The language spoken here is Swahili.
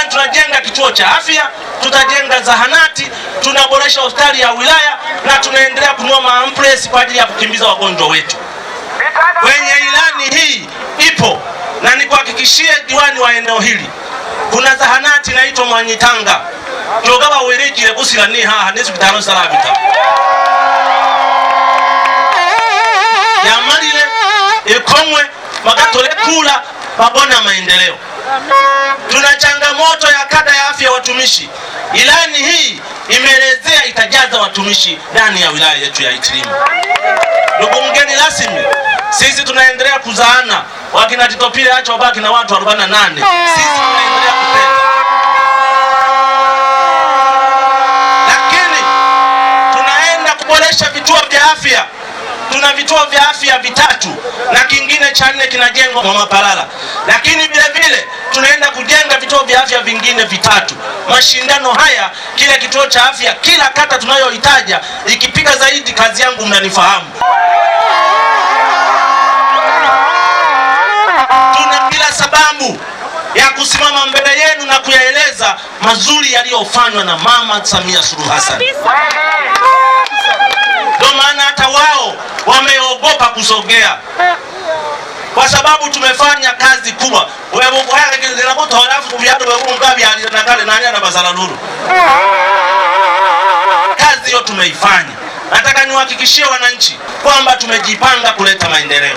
Nadhani tunajenga kituo cha afya, tutajenga zahanati, tunaboresha hospitali ya wilaya na tunaendelea kunua maampresi kwa ajili ya kukimbiza wagonjwa wetu. Kwenye ilani hii ipo, na nikuhakikishie diwani wa eneo hili, kuna zahanati inaitwa Mwanyitanga jogaba wirijire gusira nihaha nisukitano ya malile ikomwe magatole kula babona maendeleo tunachanga changamoto ya kada ya afya ya watumishi. Ilani hii imeelezea itajaza watumishi ndani ya wilaya yetu ya Itilima. Ndugu mgeni rasmi, sisi tunaendelea kuzaana, wakina Titopile acha wabaki na watu 48. Sisi tunaendelea kupenda, lakini tunaenda kuboresha vituo vya afya tuna vituo vya afya vitatu na kingine cha nne kinajengwa Mwamalala, lakini vile vingine vitatu. Mashindano haya kila kituo cha afya, kila kata tunayohitaja ikipiga zaidi, kazi yangu mnanifahamu. Tuna kila sababu ya kusimama mbele yenu na kuyaeleza mazuri yaliyofanywa na Mama Samia Suluhu Hassan. Ndio maana hata wao wameogopa kusogea, kwa sababu tumefanya kazi torafu byadu bwebunga byalira na kale nani anabazala lulu. Kazi hiyo tumeifanya. Nataka niwahakikishie wananchi kwamba tumejipanga kuleta maendeleo.